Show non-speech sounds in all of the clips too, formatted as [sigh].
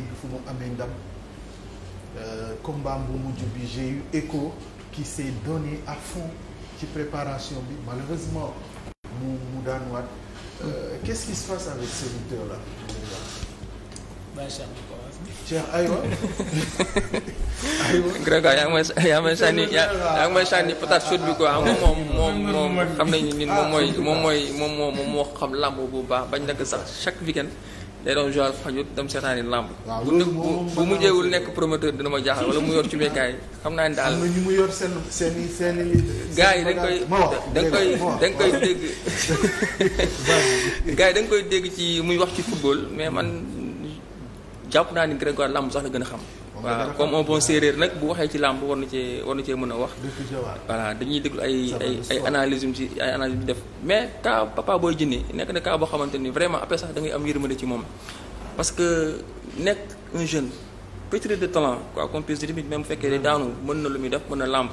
dégg fu mu amee ndam euh, combat bu mujj bi j'ai eu écho qui s'est donné à fond ci préparation bi malheureusement mu mu daanuwaat euh, qu'est-ce qui se passe avec ce lutteur là ba Cheikh bi ko wax. Cheikh aywa. aywa [laughs] Grégoire yaa ngi may yaa ngi may sànni yaa ngi may sànni peut-être suut bi quoi moom moom moom xam nañu nit moom mooy moom mooy moom moo xam làmb bu baax bañ nag sax chaque week-end. day doon joal fajut dem seetaani làmb bu ne bu mujjeewul nekk promoteur dina ma jaaxal wala mu yor ci mekaay xam naa ni daal am na ñu mu yor seen seen seen i yi da nga koy da nga koy [laughs] dégg gars yi da koy dégg ci muy wax ci football mais man jàpp naa ni Grégoire làmb sax la gën a xam waaw comme un bon séeréer nag bu waxee ci làmb war na cee war na cee mën a wax. voilà dañuy déglu ay ay ay analyse yu ci ay analyse yu def mais cas Papa Boy Djiné nekk na cas boo xamante ni vraiment après sax da ngay am yërmande ci moom parce que nekk un jeune. pétri de talent quoi qu'on puisse dire même bu fekkee daanu mën na lu muy def mën na làmb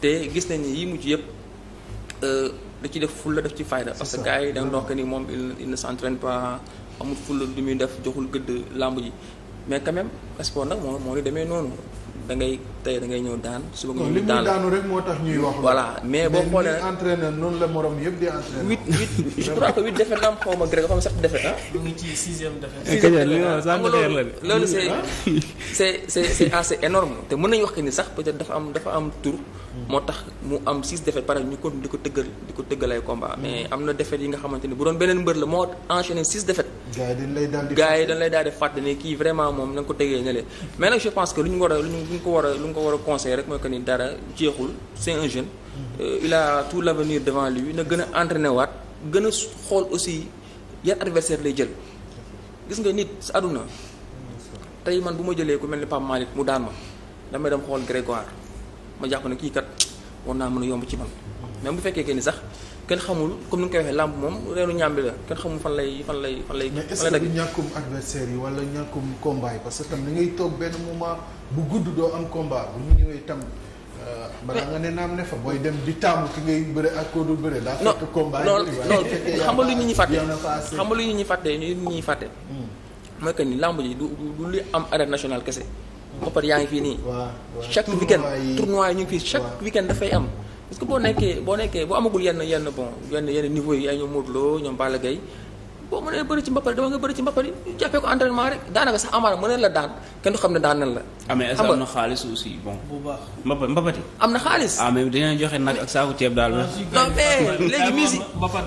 te gis nañ ni yi mujj yëpp euh, da ci def fulla def ci fayda parce que gars yi da nga moom il ne s'entraîne pas amul fulla lu muy def joxul gëdd làmb ji mais quand même sport nag moo moo di demee noonu da ngay tey da ngay ñëw daan suba nga ñëw daan daanu rek moo tax ñuy wax. voilà mais boo noonu la morom yëpp di entraîneur. huit am xaw ma Greg xaw ma sax défaite ah. mu ngi ci sixième défaite. Eh, ah. loolu [laughs] c'est c'est c'est c'est wax que ni sax peut dafa am dafa am tour moo tax mu am six défaites pare ñu continuer di ko tëggal di ko tëggal ay combat mm. mais am na défaites yi nga xamante bu doon beneen mbër la moo enchaîné six défaites. gars yi daal di fàtte gars kii vraiment moom na nga ko tegee ne nga ko lu nga ko war a conseil rek mooy que ni dara jeexul c'est un jeune euh, il a tout l'avenir devant lui na gën a entraîné waat gën a xool aussi yan adversaire lay jël gis nga nit sa àdduna tey man bu ma jëlee ku mel ni Pape Malick mu daan ma damay dem xool Grégoire ma jàpp ne kii kat war naa mën a yomb ci man même bu fekkee ni sax kenn xamul comme ni nga koy waxee làmb moom reenu ñàmbi la kenn xamul fan lay fan lay fan lay. yi wala ñàkkum combat yi parce que tam toog benn bu gudd doo am combat bu ñu ñëwee tam. Euh, ne naam ne booy dem di taamu ki ngay bëre ak koo dul bëre. daa fekk combat yi loolu loolu xam nga lu ñuy fàtte xam nga lu ñuy fàtte ñu hmm. mooy que ni làmb ji du du am arène national kese. mbapat yaa ngi fii nii. chaque weekend tournoi yi ñu ngi fii chaque weekend dafay am. parce que boo nekkee boo nekkee boo amagul yenn yenn bon yenn yenn niveau yi ay ñoom Modou Lo ñoom Balla Gaye boo mënee bëri ci mbappal dama nga bëri ci mbappal yi ñu jàppee ko entraînement rek daanaka sax amaana mëneen la daan kenn du xam ne daan nan la. xam nga am na xaalis aussi bon. bu baax mbappal mbappati. am na xaalis. ah mais dinañ joxe nag ak saaku ceeb daal. non mais eh, léegi mise yi.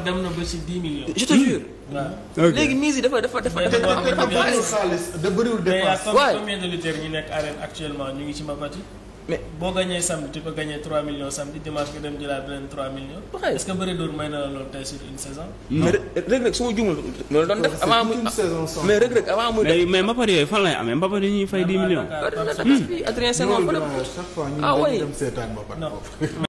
dem na ba ci 10 hmm? léegi mise yi dafa dafa dafa dafa am xaalis. da bëriwul dépense. waaye ñi nekk arène actuellement ngi ci mbappati mais boo gagné samedi tu peux gagner 3 millions samedi dimanche nga dem jëlaat beneen 3 millions. waaye est-ce bëri dóor may na la loolu tey sur une saison. mais Reug Reug su ma juumul loolu doon def ah, mais Reug Reug yooyu fan lay amee Mbappar yi ñuy fay 10 millions. Adrien Senghor chaque fois ñu ah dem [laughs]